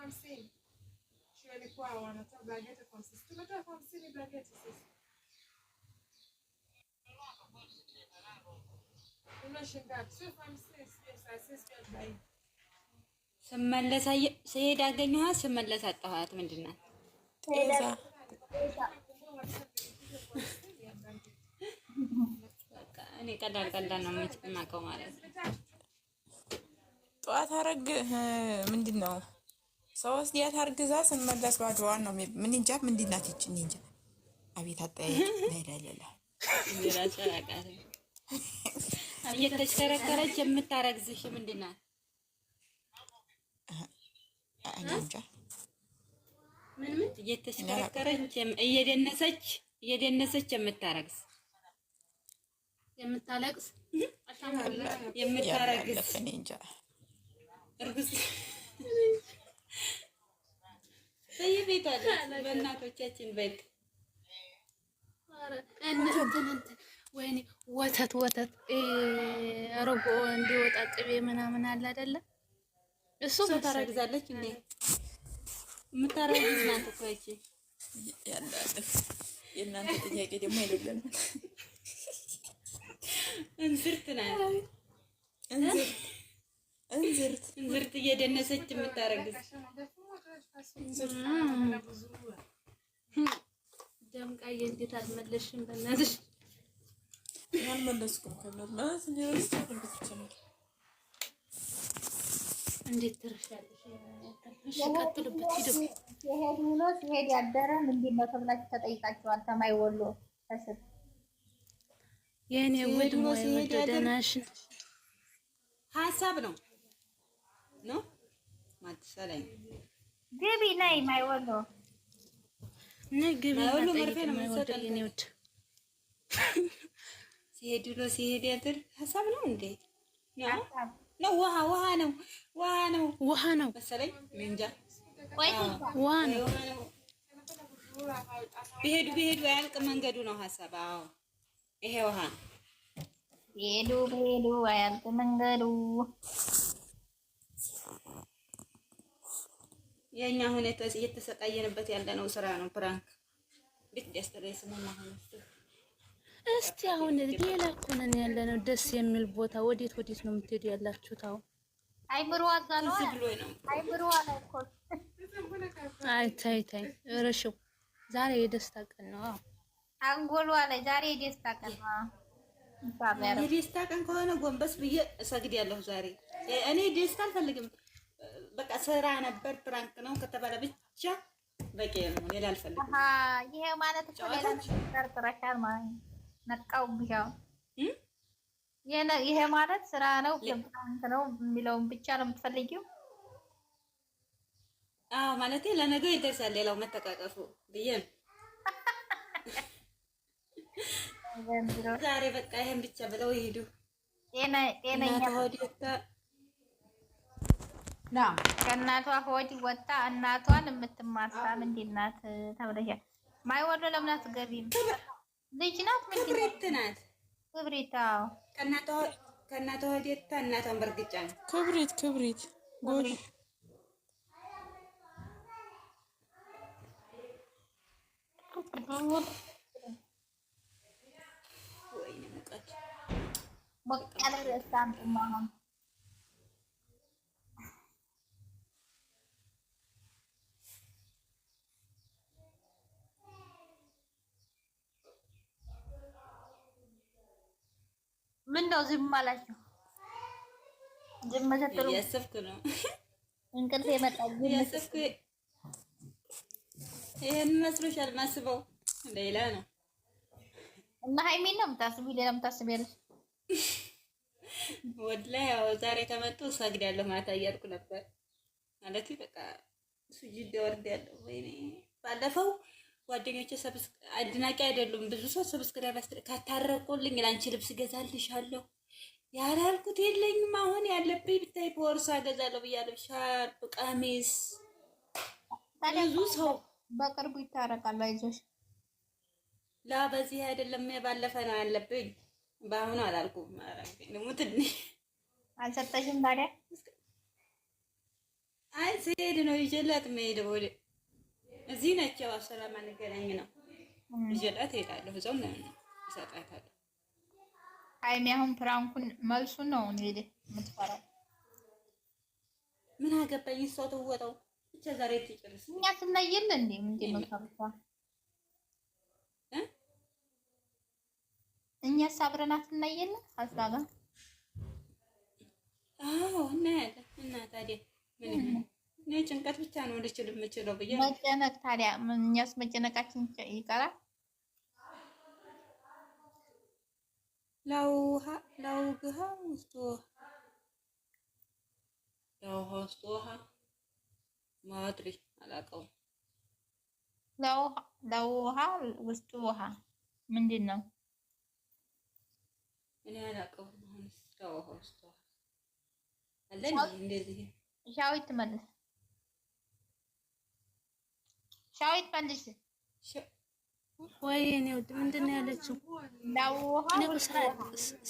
elfu hamsini shuleni kwao, wanatoa blanketi elfu hamsini tumetoa elfu hamsini blanketi sisi ስመለስ ስሄድ አገኘኋት፣ ስመለስ አጣኋት። ምንድን ናት? እኔ ቀላል ቀላል ነው የማውቀው ማለት ነው። ጠዋት አረግ ምንድን ነው ሶስት ዲያት አርግዛ ስንመለስ ባዶዋን ነው። ምን እንጃ ምን እንዲናት እንጃ። አቤት አጠያየቅ ለለለ እየተሽከረከረች የምታረግዝሽ ምንድናት? እንጃ ምን ምን እየተሽከረከረች እየደነሰች እየደነሰች የምታረግዝ የምታለቅስ የምታረግዝ እርግዝ በየቤት አለ። በእናቶቻችን ቤት ወይኔ ወተት ወተት እርጎ እንዲወጣ ቅቤ ምናምን አለ አይደለ? እሱ ታረግዛለች እንዴ? የምታረግዝ ናት እኮ የእናንተ ጥያቄ ደግሞ አይደለም። እንዝርት ናት እንዝርት እንዝርት እየደነሰች የምታረግዝ ደምቃዬ እንዴት አልመለስሽም? በእናትሽ አልመለስኩም። እንዴት ትርሻለሽ? ውሎ ሲሄድ ያደረም እንዴት ነው ተብላችሁ ተጠይቃችኋል። ተማይ ወሎ ተስብ የእኔ ውድ ደህና ነሽ? ሀሳብ ነው ነው ማለት ግቢ ነይ ማይወሎ ነይ ግቢ ሲሄድ ብሎ ሲሄድ ያድር ሀሳብ ነው እንዴ? ነው ውሃ ውሃ ነው ውሃ ነው ውሃ ነው መሰለኝ እንጃ ውሃ ነው። ቢሄዱ ቢሄዱ አያልቅም መንገዱ ነው ሀሳብ። አዎ ይሄ ውሃ ቢሄዱ ቢሄዱ አያልቅም መንገዱ የእኛ አሁን እየተሰቃየንበት ነው ስራ ነው። ፕራንክ ቤት ዲያስተሬስ እስቲ አሁን ሌላ እኮ ነን ነው ደስ የሚል ቦታ። ወዴት ወዴት ነው የምትሄዱ ያላችሁት? አሁን አይምሮ አዛለው አይምሮ አላልኩት። አይ ታይ ታይ እረሽው ዛሬ የደስታ ቀን ነው። አዎ አንጎሉ አለ ዛሬ የደስታ ቀን ነው። የደስታ ቀን ከሆነ ጎንበስ ብዬ እሰግድ ያለሁ ዛሬ እኔ ደስታ አልፈልግም። በቃ ስራ ነበር። ፕራንክ ነው ከተባለ ብቻ በቂ ነው። ሌላ አልፈልግም። ይሄ ማለት እኮ ሌላ ጠርጥረሻል ማለት ነቃው ብቻው ይሄ ማለት ስራ ነው ፕራንክ ነው የሚለውን ብቻ ነው የምትፈልጊው? አዎ ማለቴ ለነገ ይደርሳል ሌላው መተቃቀፉ ብዬ ነው። ዛሬ በቃ ይሄን ብቻ ብለው ይሄዱ ጤና ጤና ከእናቷ ሆድ ወጣ እናቷን የምትማሳ ምንድን ናት ተብለሻል። ማይወሎ ለምን አትገቢም? ልጅ ናት፣ ክብሪት ናት። ክብሪት ከእናቷ ሆድ ወጣ እናቷን በእርግጫ ነው። ክብሪት ክብሪት ጎሽ ሞቅ ያለ ርዕስ አምጡማ አሁን ምን ነው ዝም አላችሁ? ዝም ተጥሩ እያሰብኩ ነው። እንቅልፍ የመጣ ዝም እያሰብኩ ይሄን መስሎሻል። ማስበው ሌላ ነው እና ሃይሚን ነው የምታስቢ፣ ሌላ የምታስቢ ያለሽ ወድላ ያው ዛሬ ከመጡ ሰግዳለሁ ማታ እያልኩ ነበር ማለት በቃ ሱጁድ ወርድ ያለው ወይኔ ባለፈው ጓደኞቼ አድናቂ አይደሉም። ብዙ ሰው ሰብስክራይብ ካታረቁልኝ ለአንቺ ልብስ ገዛልሻለሁ ያላልኩት የለኝም። አሁን ያለብኝ ብታይ ቦርሳ ገዛለሁ ብያለሁ። ሻርፕ ቀሚስ፣ ብዙ ሰው በቅርቡ ይታረቃል። አይዞሽ ላ በዚህ አይደለም የባለፈ ነው ያለብኝ። በአሁኑ አላልኩም። ሙትኒ አልሰጠሽም ታዲያ? አይ ስሄድ ነው ይዤላት መሄድ ወደ እዚህ ነች። ያው አሰላ ማንገናኝ ነው ይዤላት እሄዳለሁ። እዛው እሰጣታለሁ። ሀይሚ አሁን ፕራንኩን መልሱን ነው እንዴ የምትፈራው? ምን አገባኝ? እሷ ትወጣው ብቻ ዛሬ ትጨርስ። እኛ ትናየለ እንዴ ምንድን ነው ታብታ እኛ ሳብረናት እናየለ አዛጋ አዎ እናያለን እና ታዲያ ምን እኔ ጭንቀት ብቻ ነው ልችል የምችለው ብዬ መጨነቅ። ታዲያ እኛስ መጨነቃችን ይቀራል? ላውግሃ ውስጥ ለውሃ ውስጥ ውሃ ማድሪ አላውቀውም። ለውሃ ውስጥ ውሃ ምንድን ነው? እኔ አላውቀውም። ለውሃ ውስጥ ውሃ አለ እንደዚህ ሻዊት መልስ ሻዊት መልስ። ወይኔ ውድ ምንድን ነው ያለችው?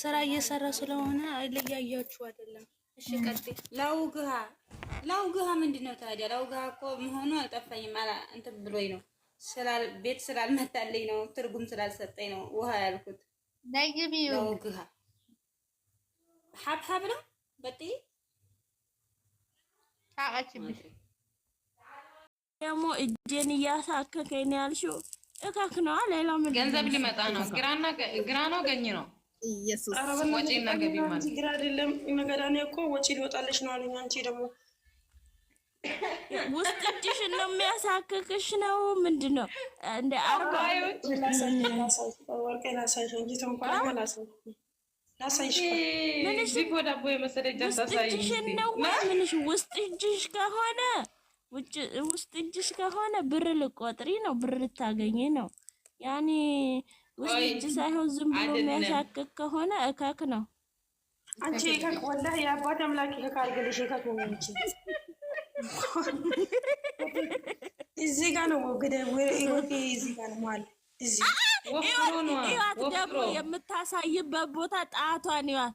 ስራ እየሰራ ስለሆነ ልያያችሁ አይደለም። እሺ ቀጥይ። ላውግሃ ላውግሃ ምንድን ነው ታዲያ? ላውግሃ እኮ መሆኑ አልጠፋኝም። እንትን ብሎኝ ነው ቤት ስላልመጣልኝ ነው ትርጉም ስላልሰጠኝ ነው ውሃ ያልኩት። ላውግሃ ሀብሀብ ነው ታቃችብሽ ደግሞ እጄን እያሳከከኝ ነው ያልሺው፣ እከክ ነዋ። ሌላ ምን ገንዘብ ሊመጣ ነው? ግራ ነው ገኝ ነው። ውስጥ ነው የሚያሳክክሽ ነው ነው ምንሽ ውስጥ እጅሽ ከሆነ ውጭ ውስጥ እጅሽ ከሆነ ብር ልቆጥሪ ነው፣ ብር ልታገኝ ነው። ያኔ ውስጥ እጅ ሳይሆን ዝም ብሎ የሚያሳክክ ከሆነ እከክ ነው። አንቺ እከክ ወላሂ የአባት አምላክ እከክ እከክ ነው እዚህ ጋር ነው ወግደህ ወይሮቴ እዚህ ጋር ነው ማለት እዚህ ይዋት ደግሞ የምታሳይበት ቦታ ጣቷን ይዋት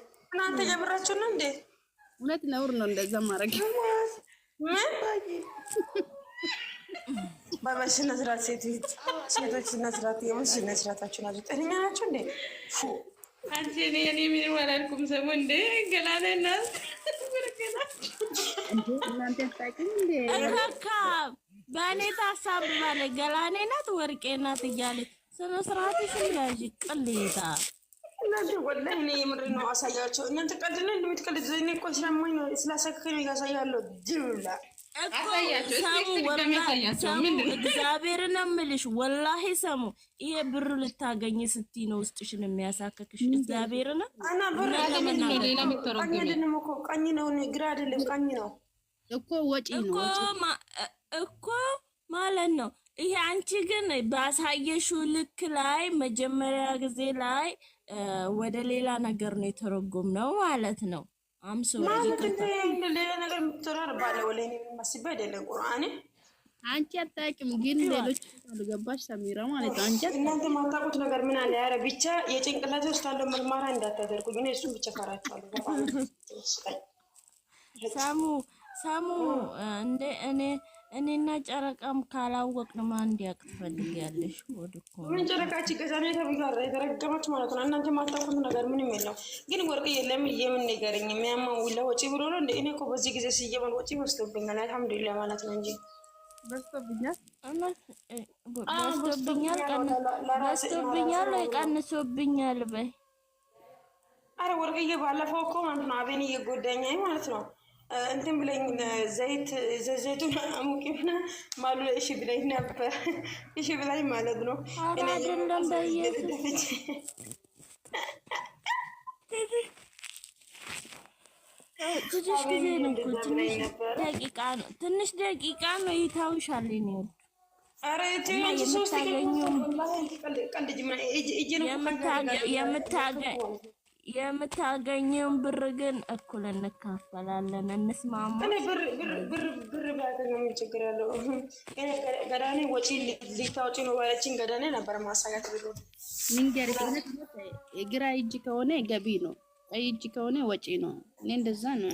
እናንተ ጀምራችሁ ነው እንዴ? እውነት ነውር ነው እንደዛ ማድረግ። በመስነ ስርዓት ሴት ሴቶች ስነ ስርዓት የመስነ ስርዓታችሁን አዙ ጤነኛ ናቸው እንዴ? አንቺ እኔ እኔ ምንም አላልኩም። ሰሙ እንዴ ገላናና ረካብ በእኔ ታሳብባለች። ገላኔ ናት ወርቄ ናት እያለች ስነ ስርዓትሽ እንዳዥ ቅሌታ አናድር ወላሂ እኔ የምር ነው አሳያቸው። እናንተ ቀድነ እንደምትቀልድ እኔ እኮ ማለት ነው። ይሄ አንቺ ግን ባሳየሽው ልክ ላይ መጀመሪያ ጊዜ ላይ ወደ ሌላ ነገር ነው የተረጎም ነው ማለት ነው። አምሶ ሌላ ነገር የምትራር ባለ ወለኔ የሚመስል አይደለም ቁርአኔ አንቺ አታውቂም፣ ግን ሌሎች አልገባሽ ሰሚራ ማለት ነው። አንቺ እናንተ ማታውቁት ነገር ምን አለ? ያረ ብቻ የጭንቅላት ውስጥ ያለው ምርመራ እንዳታደርጉ፣ ግን እሱም ብቻ ፈራችኋል። ሰሙ ሰሙ እንደ እኔ እኔና ጨረቃም ካላወቅ ነው ማን እንዲያውቅ ትፈልጊያለሽ? ወደ እኮ ምን ጨረቃችን ከዛሬ ተብያረ የተረገመች ማለት ነው። እናንተ የማታውቁት ነገር ምንም የለም። ግን ወርቅ የለም የምን ነገርኝ የሚያማ የሚያማውላ ወጪ ብሎ ነው እንደ እኔ እኮ በዚህ ጊዜ ስየመን ወጪ በዝቶብኛል። አልሐምዱሊላ ማለት ነው እንጂ በዝቶብኛል፣ በዝቶብኛል ወይ ቀንሶብኛል በይ። አረ ወርቅዬ ባለፈው እኮ ማለት ነው አቤን እየጎዳኛኝ ማለት ነው እንትን ብለኝ ዘይት ዘይቱን አሙቂና ሆና ማሉ እሺ ብለኝ ነበር። እሺ ብላኝ ማለት ነው። ትንሽ ጊዜ ነው እኮ ደቂቃ ነው፣ ትንሽ ደቂቃ ነው። ይታውሻል ነው የምታገኘው የምታገኘውን ብር ግን እኩል እንካፈላለን። እንስማማ። ብር ባያገኝ ምን ችግር አለው? ገዳኔ ወጪ ልታወጪ ነው ባለችኝ ገዳኔ ነበር ማሳያት ብሎ ሚንገር ግራ እጅ ከሆነ ገቢ ነው፣ ቀይ እጅ ከሆነ ወጪ ነው። እኔ እንደዛ ነው።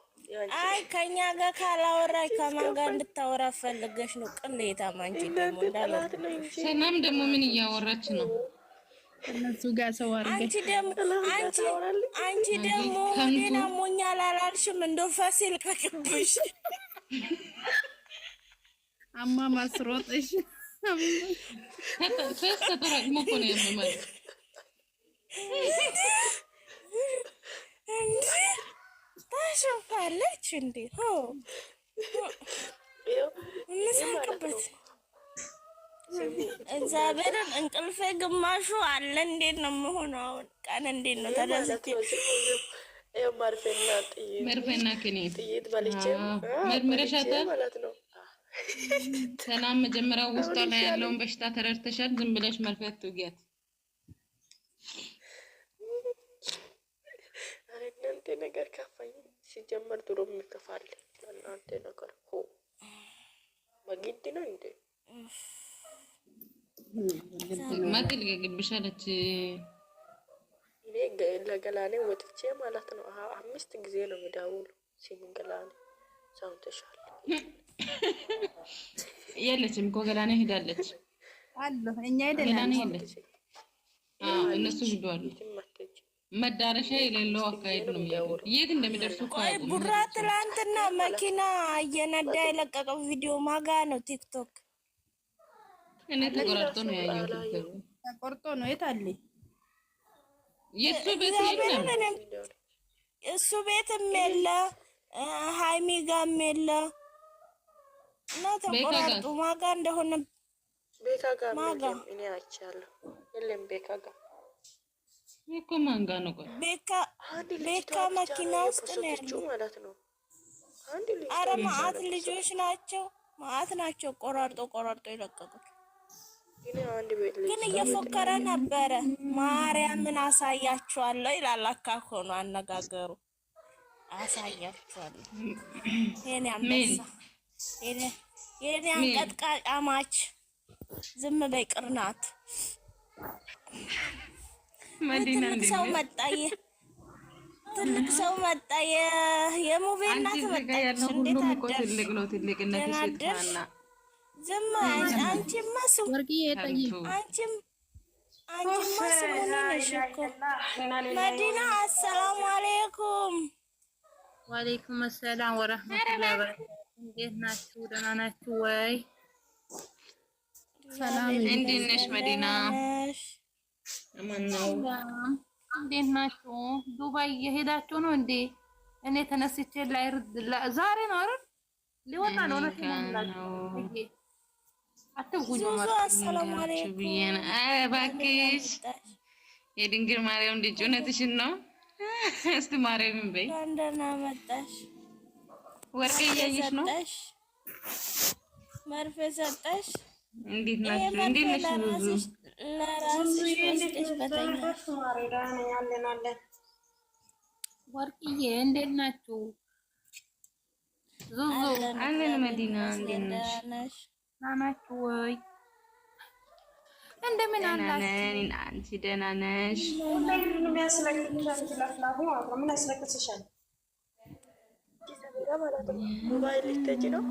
አይ ከኛ ጋር ካላወራ ከማን ጋር እንድታወራ ፈልገሽ ነው? ቅሌታም አንቺ ደግሞ ሰላም ደግሞ ምን እያወራች ነው? እነሱ ጋር ሰው አድርገሽ አንቺ አንቺ ደግሞ ሌላ ሞኛል አላልሽም? እንደ ፈሲል ከቅብሽ አማ ማስሮጥሽ ሶስት ተጠራቅሞ እኮ ነው ያመማል ታሾፋለች እንዴ? እንሳቅበት። እግዚአብሔርን እንቅልፌ ግማሹ አለ። እንዴት ነው የምሆነው አሁን? ቀን እንዴት ነው ተደስቼ መርፌና ክኒን መርምረሻታል ማለት ነው። ሰላም መጀመሪያ ውስጧ ላይ ያለውን በሽታ ተረድተሻል። ዝም ብለሽ መርፌ አትውጊያት። ነገር ሲጀመር ድሮ ይከፋል። ለእናንተ ነገር ሆ በግድ ነው እንዴ? ማግል ግብሻለች። እኔ ለገላኔ ወጥቼ ማለት ነው አምስት ጊዜ ነው የሚደውሉ ሲምን ገላኔ ሰምተሻል? የለችም እኮ ገላኔ ሄዳለች። እኛ ሄደናል። እነሱ ሂደዋል። መዳረሻ የሌለው አካሄድ ነው የሚያውቁት። የት እንደሚደርሱ ቆይ ቡራ ትላንትና መኪና እየነዳ የለቀቀው ቪዲዮ ማጋ ነው ቲክቶክ። እኔ ተቆራርጦ ነው ያየሁት። ተቆርጦ ነው የት አለ የእሱ ቤት የለም፣ እሱ ቤትም የለ ሀይሚ ጋም የለ እና ተቆራርጡ ማጋ እንደሆነ ማጋ እኔ አይቻለሁ። የለም ቤካ ጋር እኮ ማን ጋር ነው? ቆይ ቤካ መኪና ውስጥ ነው ያለው ማለት ነው። አረ ማአት ልጆች ናቸው፣ ማአት ናቸው። ቆራርጦ ቆራርጦ የለቀቁት ግን እየፎከረ ነበረ። ማርያምን አሳያችኋለሁ ይላል። አካክ ሆኖ አነጋገሩ አሳያችኋለሁ። የኔ አንበሳ፣ የኔ አንቀጥቃጫ ዝም በይ ቅርናት ትልቅ ሰው መጣ። ትልቅ ሰው መጣ። የሙቤ እናት መጣች። ዝም አንቺማ አንቺማ ስሙ ነሽ እኮ መዲና። አሰላሙ አለይኩም። ወአለይኩም አሰላም ወረህመቱላሂ ወበረካቱህ። እንዴት ናችሁ? ደህና ናችሁ ወይ? ሰላም እንዴት ነሽ መዲና? እንዴት ናችሁ? ዱባይ የሄዳችሁ ነው እንዴ? እኔ ተነስቼ ላይ ዛሬ ነው አይደል? ሊወጣ ነው ነው አትጉኝ እባክሽ። የድንግል ማርያም ልጅ እውነትሽን ነው። እስቲ ማርያምን በይ። ደህና መጣሽ። ወርቅ እያየሽ ነው። መርፌ ሰጠሽ። እንዴት ናችሁ? እንዴት ነሽ? ወርቅዬ እንዴት ናችሁ? ዙዙ አለን መዲና እንዴት ነሽ? ናናችሁ ወይ? እንደምን አላችሁ? አንቺ ደህና ነሽ? ምን ያስለቅሻል? ጋር ማለት ነው። ሞባይል ልትሄጂ ነው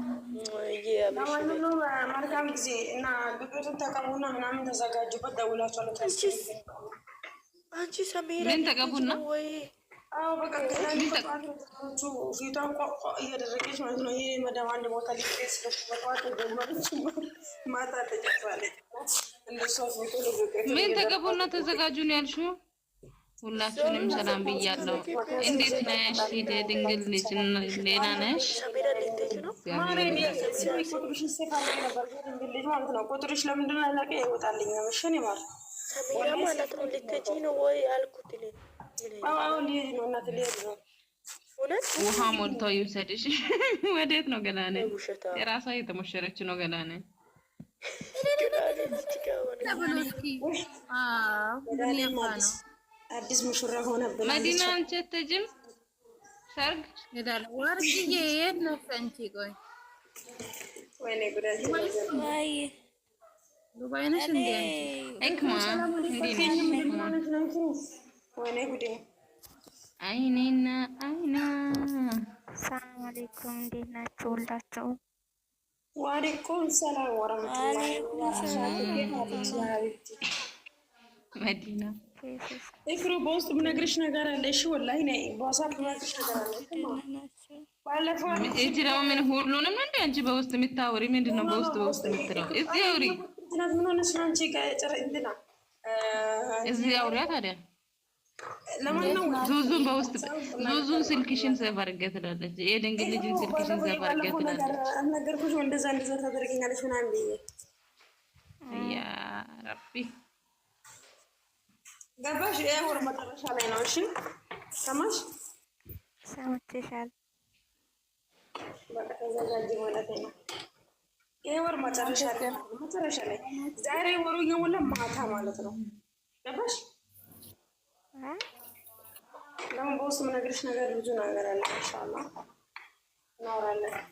መልካም ጊዜ እና ዱቄቱን ተቀቡና ምናምን ተዘጋጁበት። ደውላቸው አንቺ ሰሜን ተቀቡና ወይ በቃ ፊቷን እያደረገች ማለት ነው። መደብ አንድ ቦታ ማታ ተጨፋለች። እንደሷ ፎቶ ምን ያልሽው? ሁላችሁንም ሰላም ብያለሁ። እንዴት ነሽ? ሂደ ድንግል ልጅ ሌላ ነሽ? ቁጥርሽ ለምንድን ነው ይማር ውሃ ሞልቶ ይውሰድሽ። ወዴት ነው? ገና የራሷ የተሞሸረች ነው። ገና ነው አዲስ ሙሽራ ሆነብን። መዲና አንቺ አትሄጂም ሰርግ ሄዳለ ወርቅዬ የት ነሽ አንቺ? ቆይ ወይኔ ጉድ አይኔና አይና። ሰላም አለይኩም እንዴት ናችሁ ሁላችሁ? ዋሌኩም ሰላም ወረመቱላ መዲና ፍሮ በውስጥ የምነግርሽ ነገር አለ። እሺ ወላሂ ነይ በዋሳብ ብላሽ ነገር አለ። ባለፈው ደግሞ ምን ሁሉንም እንደ አንቺ በውስጥ የምታወሪ ምንድን ነው? በውስጥ በውስጥ የምትለው እዚህ አውሪ። ምን ሆነሽ ነው አንቺ? እንትና እዚህ አውሪያ ታዲያ ዙዙን በውስጥ ዙዙን ስልክሽን ሴቭ አድርገህ ትላለች። የድንግል ልጅን ስልክሽን ሴቭ አድርገህ ትላለች። ነገርኩሽ እንደዛ እንደዛ ታደርገኛለች ምናምን ብዬሽ ያ ረቢ ገባሽ? ወር መጨረሻ ላይ ነው። እሺ ሰማሽ? ሰምተሻል። ተዘጋጅ ማለት ነው። ይሄ ወር መጨረሻ ላይ መጨረሻ ላይ ዛሬ ወሩ የሞላ ማታ ማለት ነው። ገባሽ? ደግሞ በውስጥ የምነግርሽ ነገር ብዙ ነገር አለ። ኢንሻአላህ እናወራለን።